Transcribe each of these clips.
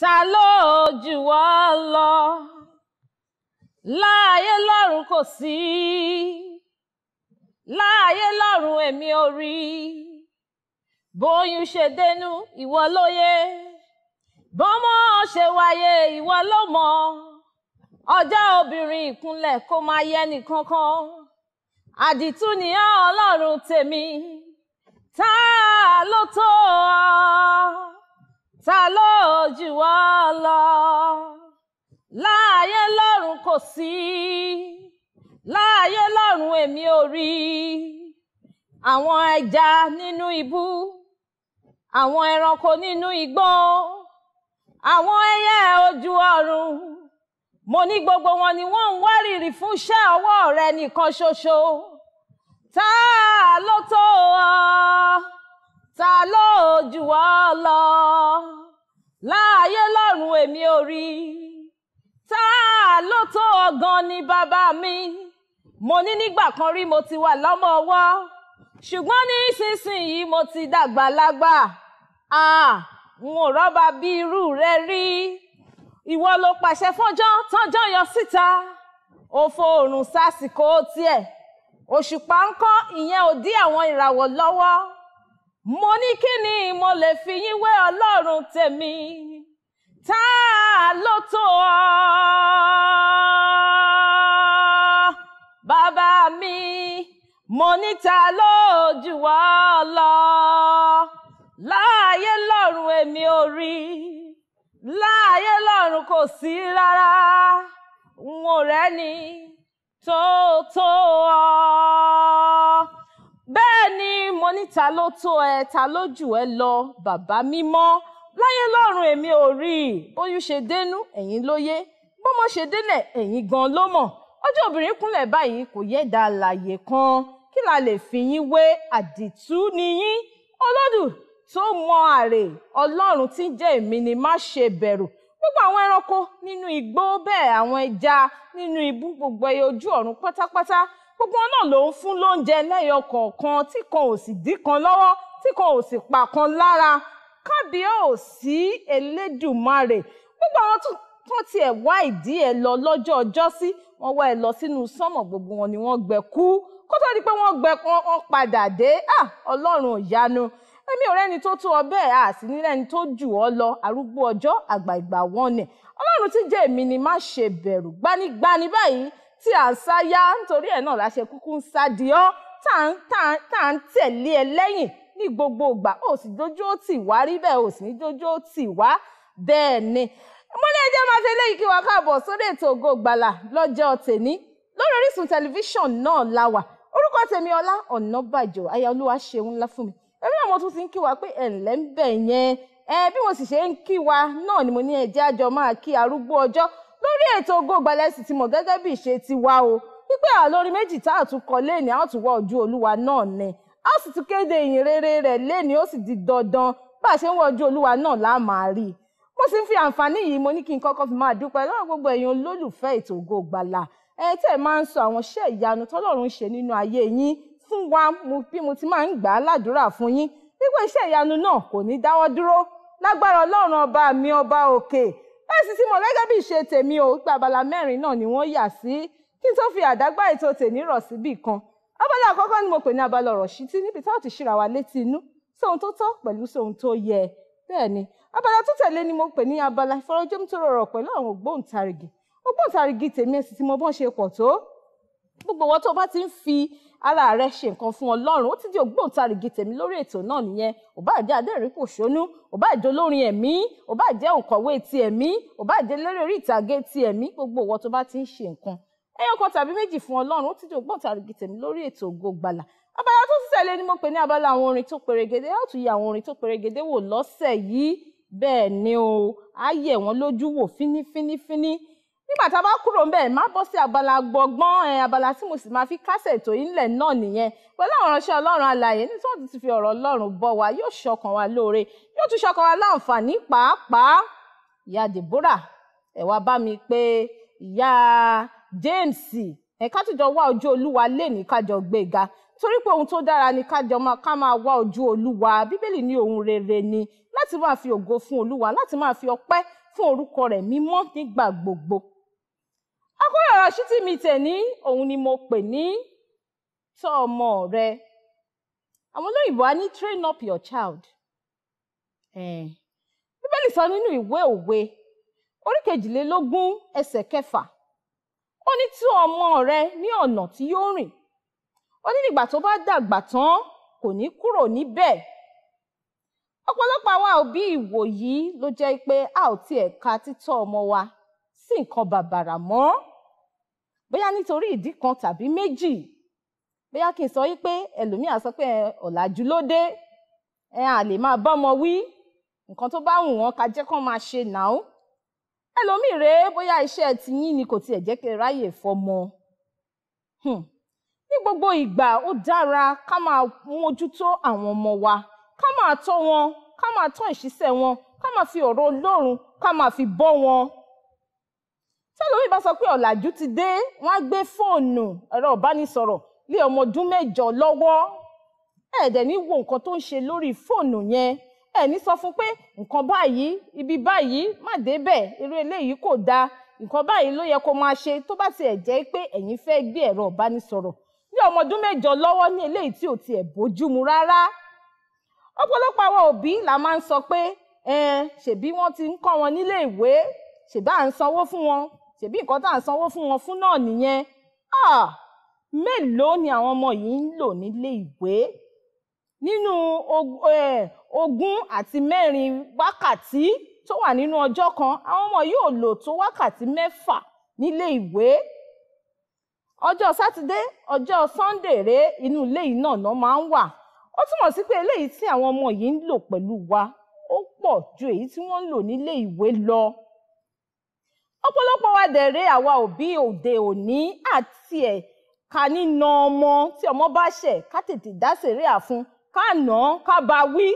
ta ló jù wá lọ láàyè lọ́run kò sí láàyè lọ́run èmi ò rí bóyún ṣe dénú ìwọ ló yé bọ́mọ ṣe wáyé ìwọ ló mọ ọjọ́ obìnrin ìkúnlẹ̀ kó máa yẹ nìkankan àdìtú nìyá ọlọ́run tèmi ta ló tó ọ ta ló jù wá lọ láàyè lọ́run kò sí láàyè lọ́run èmi ò rí àwọn ẹja nínú ibú àwọn ẹranko nínú igbó àwọn ẹyẹ ojú ọ̀run mo ní gbogbo wọn ni wọ́n ń wárìrì fún iṣẹ́ ọwọ́ rẹ nìkan ṣoṣo ta ló tó ọ ta ló jù ọ lọ o èmi ò rí tá a ló tó ọgàn ni bàbá mi mo ní nígbà kan rí mo ti wà lọ́mọ ọwọ́ ṣùgbọ́n nísinsìnyí mo ti dàgbàlagbà n ò rọ́ba bí irú rẹ rí ìwọ ló pàṣẹ fọ́jọ́ tọ́jọ́ yọ síta òfo oòrùn sásìkò tiẹ̀ òṣùpá ń ìyẹn ò dí àwọn ìràwọ̀ lọ́wọ́ mo ní kí ni mo lè fi yín wé ọlọ́run tèmi ta ló tó ọ bàbá mi mo ní ta ló jù wá lọ láàyè lọ́run èmi ò rí láàyè lọ́run kò sí rárá n ò rẹ́ni tó tó ọ bẹ́ẹ̀ ni mo ní ta ló tó ẹ ta ló jù ẹ lọ bàbá mímọ́ láyé lọ́run èmi ò rí i bóyú ṣe dénú ẹ̀yin ló yé bọ́mọ ṣe délẹ̀ ẹ̀yin gan ló mọ̀ ọjọ́ obìnrin kúnlẹ̀ báyìí kò yẹ dá àlàyé kan kí la lè fi yín wé àdìtú niyín olódù tó mọ àrè ọlọ́run tí ń jẹ́ èmi ni má ṣe bẹ̀rù gbogbo àwọn ẹranko nínú igbó bẹ́ẹ̀ àwọn ẹja nínú ibú gbogbo ẹyẹ ojú ọ̀run pátápátá gbogbo wọn náà ló ń fún lóúnjẹ lẹ́yọ kọ̀ọ̀kan tí kan ò sì dí kan lọ́wọ́ tí kan ò sì pa kan lára kábíyèsí elédùmarè gbogbo àwọn tó tiẹ̀ wá ìdí ẹ̀ lọ lọ́jọ́ ọjọ́sí wọ́n wá ẹ̀ lọ sínú sánmọ̀ gbogbo wọn ni wọ́n gbẹ kú kó tó di pé wọ́n gbẹ wọ́n padà dé ọlọ́run ìyanu èmi ò rẹ́ni tó tó ọ bẹ́ẹ̀ à sí nílẹ̀ ẹni tó jù ọ lọ arúgbó ọjọ́ àgbà ìgbà wọn nì ọlọ́run tí jẹ́ èmi ni má ṣe bẹ̀rù gbanigbani báyìí tí à ń sáyá nítorí ẹ̀ náà láṣẹ kúkú ń sá di ọ́ tá à ń tẹ̀lé ẹ lẹ́yìn ní gbogbo ìgbà ó sì dójú ó tì wá rí bẹ́ẹ̀ ó sì ní dójú ó tì wá bẹ́ẹ̀ ni mo ní ẹjẹ́ máa fi eléyìí kí wá káàbọ̀ sórí ètò Ògo Ìgbàlà lọ́jọ́ tèmi lórí Orísun tẹlifíṣàn náà la wà orúkọ tèmi Ọlá Ọ̀nàbàjọ aya Olúwa ṣeun ńlá fún mi èmi náà mo tún ti ń kí wa pé ẹ̀ǹlẹ́ ń bẹ̀ yẹn ẹ bí mo sì ṣe ń kí wa náà ni mo ní ẹjẹ́ àjọ máa kí arúgbó ọjọ́ lórí ètò Ògo Ìgbàlà sì ti mọ̀ gẹ́gẹ́ bí ìṣe ti wá o wípé àlórí méjì tá àtúkọ lé ní àtúwọ́ ojú Olúwa náà ni a sì tún kéde ìyìn rere rẹ̀ léni ó sì di dandan bá a ṣe ń wọ ojú olúwa náà la máa rí i mo sì ń fi àǹfààní yìí mo ní kí n kọ́kọ́ fi máa dúpẹ́ lọ́wọ́ gbogbo èèyàn olólùfẹ́ ètò Ògo Ìgbàlà ẹ tẹ́ máa ń sọ àwọn iṣẹ́ ìyanu tọ́lọ́run ṣe nínú ayé yín fún wa bí mo ti máa ń gbà á ládùúrà fún yín wípé iṣẹ́ ìyanu náà kò ní dáwọ́ dúró lágbára ọlọ́run ọba mi ọba òkè bẹ́ẹ̀ sì ti mọ̀ gẹ́gẹ́ bí ìṣe tèmi o pé abala náà ni wọ́n yà sí kí n tó fi àdágbà ètò tèmi rọ̀ síbì kan abala àkọ́kọ́ ni mo pè ní abala ọ̀rọ̀ ṣítí níbi tá ò ti ṣíra wa létí inú sóhun tó tọ́ pẹ̀lú sóhun tó yẹ bẹ́ẹ̀ ni abala tó tẹ̀lé ni mo pè ní abala ìfọ̀rọ̀jomitoro ọ̀rọ̀ pẹ̀lú àwọn ògbóǹtarìgì ògbóǹtarìgì tèmi ẹ̀sìn tí mo bọ́n ṣe pọ̀ tó gbogbo wọn tó bá ti ń fi ara rẹ ṣe nǹkan fún Ọlọ́run ó ti di ògbóǹtarìgì tèmi lórí ètò náà nìyẹn ò bá jẹ́ adẹ́rìnpòṣónú ò bá jẹ́ olórin ẹ̀mí ò bá jẹ́ òǹkọ̀wé ti ẹ̀mí ò bá jẹ́ eléré orí ìtàgé ti ẹ̀mí gbogbo wọn tó bá ti ń ṣe nǹkan ẹyọkan tàbí méjì fún ọlọ́run ó ti di ògbóǹtarìgì tèmi lórí ètò ògo ìgbàlà abala tó ti tẹ̀lé ni mo pè ní abala àwọn orin tó perégedé á tún yẹ àwọn orin tó perégedé wò lọ́sẹ̀ yìí bẹ́ẹ̀ ni o á yẹ wọ́n lójú wò fínífínífíní nígbà tá a bá kúrò ń bẹ̀ má bọ́ sí abala gbọ̀ngbọ́n ẹ̀ abala tí mo sì máa fi kásẹ̀ ètò yìí ńlẹ̀ náà nìyẹn pẹ̀lú àwọn ìránṣẹ́ ọlọ́run alààyè ní tí wọ́n ti fi ọ̀rọ̀ ọlọ́run bọ́ wa yóò ṣọkàn wa lóore yóò tún ṣọkàn wa láǹfààní pàápàá ìyá Deborah ẹ̀ wá bá mi pé ìyá James ẹ̀ka tìjọ wá ojú olúwa lè ní kájọ gbéga torí pé ohun tó dára ni kájọ máa ká máa wá ojú olúwa bíbélì ní ohun rere ni láti máa fi ògo fún olúwa láti máa fi ọpẹ́ fún orúkọ rẹ̀ mímọ́ nígbà gbogbo. akọ́rọ̀ ọ̀rọ̀ ṣítí mi tẹ̀ ní òun ni mo pè ní tọ́ ọmọ rẹ àwọn olóyìnbó á ní train up your child. bíbélì sọ nínú ìwé òwe orí kejìlélógún ẹsẹ̀ kẹfà ó ní tú ọmọ rẹ ní ọ̀nà tí yóò rìn ó ní nígbà tó bá dàgbà tán kò ní kúrò níbẹ̀ ọ̀pọ̀lọpọ̀ àwa òbí ìwòyí ló jẹ́ pé a ò tiẹ̀ ka títọ́ ọmọ wa sí nǹkan bàbàrà mọ́ bóyá nítorí ìdí kan tàbí méjì bóyá kí n sọ wípé ẹlòmíà sọ pé ọ̀làjú ló dé ẹ à lè máa bọ́mọ wí nǹkan tó bá wù wọ́n ká jẹ́ kán máa ṣe nàá ẹlòmíì rèé bóyá iṣẹ́ tiyín ni kò tiẹ̀ jẹ́ kí ẹ ráyè fọmọ hmm. ní gbogbo ìgbà ó dára ká máa mójútó àwọn ọmọ wa ká máa tọ́ wọn ká máa tọ́ ìṣiṣẹ́ wọn ká máa fi ọ̀rọ̀ Ọlọ́run ká máa fi bọ́ wọn tẹlomi bá sọ pé ọ̀làjú ti dé wọ́n á gbé fóònù ẹ̀rọ ìbánisọ̀rọ̀ lé ọmọ ọdún mẹ́jọ lọ́wọ́ ẹ̀ẹ́dẹ̀ ní wo nǹkan tó ń ṣe lórí fóònù yẹn ẹ̀ ní sọ fún pé nǹkan báyìí ibi báyìí má débẹ̀ irú eléyìí kò dáa nǹkan báyìí ló yẹ kó máa ṣe tó bá tiẹ̀ jẹ́ pé ẹ̀yin fẹ́ gbé ẹ̀rọ ìbánisọ̀rọ̀ ní ọmọ ọdún mẹ́jọ lọ́wọ́ ní eléyìí tí ò tiẹ̀ bójúmu rárá ọ̀pọ̀lọpọ̀ àwọn òbí la máa ń sọ pé ṣèbí wọ́n ti ń kọ́ wọn nílé ìwé ṣèbí à ń sanwó fún wọn ṣèbí nǹkan tá à ń sanwó fún wọn fún náà nìyẹn mélòó ni àwọn ọmọ yìí ń lò nílé ìwé nínú ogún àti mẹ́rin wákàtí tó wà nínú ọjọ́ kan àwọn ọmọ yóò lò tó wákàtí mẹ́fà nílé ìwé ọjọ́ sátidé ọjọ́ sunday rèé inú ilé yìí náà náà máa ń wà ó túmọ̀ sí pé eléyìí tí àwọn ọmọ yìí ń lò pẹ̀lú wa ó pọ̀ ju èyí tí wọ́n ń lò nílé ìwé lọ ọ̀pọ̀lọpọ̀ wa dẹ̀rẹ́ àwa òbí òde òní àti ẹ̀ ká nínà ọmọ tí ọmọ bá ṣẹ̀ ká tètè dá sẹ̀ríà fún ká nà án ká bá wí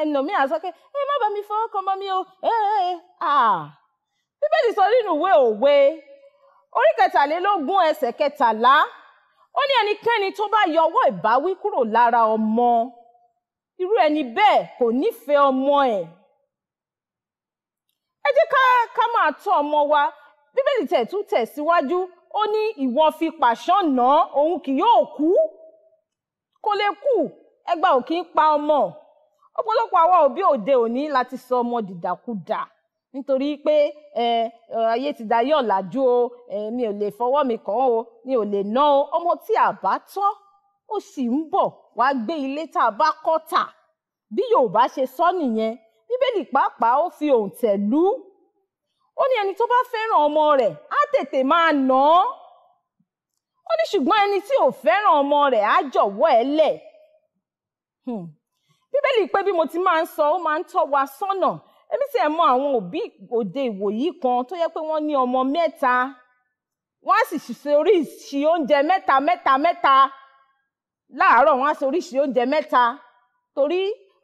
ẹnàmí àsọ ẹ má bá mi fọwọ́ kan mọ́ mi o bíbélì sọ nínú ìwé òwe orí kẹtàlélógún ẹsẹ̀ kẹtàlá ó ní ẹnikẹ́ni tó bá yọ ọwọ́ ìbáwí kúrò lára ọmọ irú ẹni bẹ́ẹ̀ kò nífẹ̀ẹ́ ọmọ ẹ̀ ẹ jẹ́ ká ká máa tọ́ ọmọ wa bíbélì tẹ̀ tún tẹ̀síwájú ó ní ìwọ fi pàṣán nà án òun kì yóò kú kó lè kú ẹgbà ò kí ń pa ọmọ ọ̀pọ̀lọpọ̀ àwa òbí òde òní láti sọ ọmọ dìdàkudà nítorí pé ayé ti dayé ọ̀làjú o mi ò lè fọwọ́ mi kàn o mi ò lè ná o ọmọ tí a bá tọ́ ó sì ń bọ̀ wá gbé ilé tá a bá kọ́ tà bí Yorùbá ṣe sọ nìyẹn bíbélì pàápàá ó fi òǹtẹ̀ lù ó ní ẹni tó bá fẹ́ràn ọmọ rẹ̀ á tètè máa nà án ó ní ṣùgbọ́n ẹni tí ò fẹ́ràn ọmọ rẹ̀ á jọ̀wọ́ ẹ̀ lẹ̀ Hmm. bíbélì pé bí mo ti máa ń sọ ó máa ń tọ́ wa sọ́nà èmi sì ẹ̀ mọ àwọn òbí òde ìwòyí kan tó yẹ pé wọ́n ní ọmọ mẹ́ta wọ́n á sì ṣe oríṣi oúnjẹ mẹ́ta mẹ́ta mẹ́ta láàárọ̀ wọ́n á ṣe oríṣi oúnjẹ mẹ́ta torí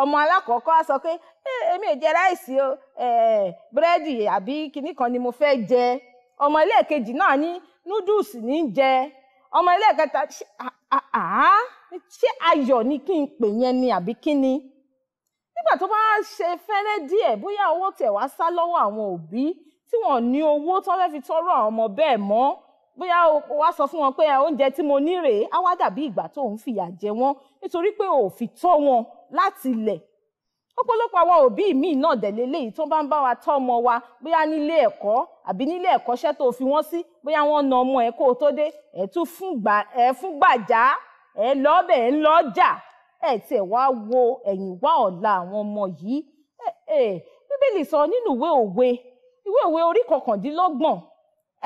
ọmọ alákọ̀ọ́kọ́ á sọ pé èmi ò jẹ ráìsì o búrẹ́dì àbí kinní kan ni mo fẹ́ jẹ ọmọ ilé kejì náà ní núdùsì ní jẹ ọmọ ilé kẹta ṣé ayọ̀ ni kí n pè yẹn ni àbí kí ni nígbà tó bá ṣe fẹ́rẹ́ díẹ̀ bóyá owó tẹ̀ wá sá lọ́wọ́ àwọn òbí tí wọ́n ní owó tó fẹ́ fi tọ́rọ̀ àwọn ọmọ bẹ́ẹ̀ mọ́ bóyá o wá sọ fún wọn pé oúnjẹ tí mo ní rèé á wá dàbí ìgbà tó ń fìyà jẹ wọ́n nítorí pé o ò tọ́ wọn láti ilẹ̀ ọ̀pọ̀lọpọ̀ àwọn òbí míì náà dẹ̀lé léyìí tó bá ń bá wa tọ́ ọmọ wa bóyá nílé ẹ̀kọ́ àbí nílé ẹ̀kọ́ṣẹ́ tó fi wọ́n sí bóyá wọ́n na ọmọ ẹ̀ kó o tó dé ẹ̀ tún fún gbàjá ẹ̀ lọ́ọ́bẹ̀ ẹ̀ ń lọ́ọ́jà ẹ̀ tiẹ̀ wá wo ẹ̀yìn wá ọ̀la àwọn ọmọ yìí bíbélì sọ nínú ìwé òwe ìwé òwe orí kọkàndínlọ́gbọ̀n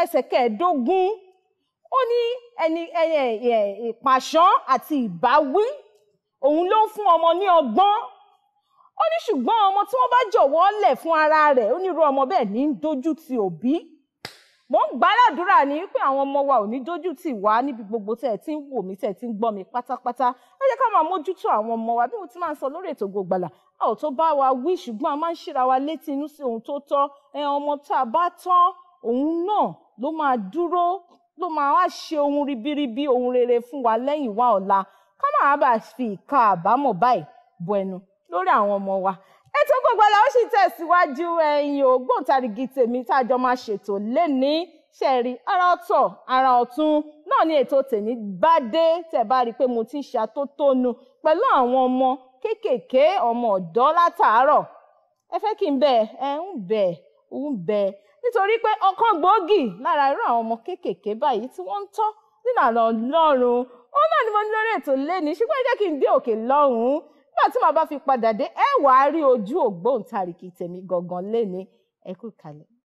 ẹsẹ̀ kẹẹ̀ẹ́dógún ó ní ẹni ìpàṣán àti ìbáwí òun ló ń fún ọmọ ní ọgbọ́n ó ní ṣùgbọ́n ọmọ tí wọ́n bá jọ̀wọ́ lẹ̀ fún ara rẹ̀ ó ní irú ọmọ bẹ́ẹ̀ ní dojú ti òbí mo ń gbàládùra ní pé àwọn ọmọ wa ò ní dojú tì wá níbi gbogbo tẹ́ ẹ ti ń wò mí tẹ́ ẹ ti ń gbọ́ mi pátápátá ẹ jẹ́ ká máa mójútó àwọn ọmọ wa bí mo ti máa ń sọ lórí ètò Ògo Ìgbàlà a ò tó bá wa wí ṣùgbọ́n a máa ń ṣíra wa létí inú sí ohun tó tọ́ ẹ ọmọ tá a bá tán òun náà ló máa dúró ló máa wá ṣe ohun ribiribi ohun rere fún wa lẹ́yìn wá ọ̀la ká máa bá fi ìka àbámọ̀ báyìí bọ ẹnu lórí àwọn ọmọ wa ètò Ògo Ìgbàlà ó sì tẹ̀síwájú ẹ̀yin ògbóǹtarìgì tèmi tá a jọ máa ṣètò lénìí ṣẹ̀rí ara ọ̀tọ̀ ara ọ̀tún náà ni ètò tèmi bá dé tẹ̀ bá rí i pé mo ti ṣe àtótónu pẹ̀lú àwọn ọmọ kéékèèké ọmọ ọ̀dọ́ látàárọ̀ ẹ fẹ́ kí n bẹ̀ ẹ ń bẹ̀ ń bẹ̀ nítorí pé ọ̀kan gbòógì lára irú àwọn ọmọ kéékèèké báyìí tí wọ́n ń tọ́ nínú àlọ́ Ọlọ́run òun náà ni mo ní lórí ètò lénìí ṣùgbọ́n ẹ jẹ́ kí n dé òkè lọ́hùn nígbà tí màá bá fi padà dé ẹ wàá rí ojú ògbóǹtarìgì tèmi gangan léni ẹ kú kalẹ̀.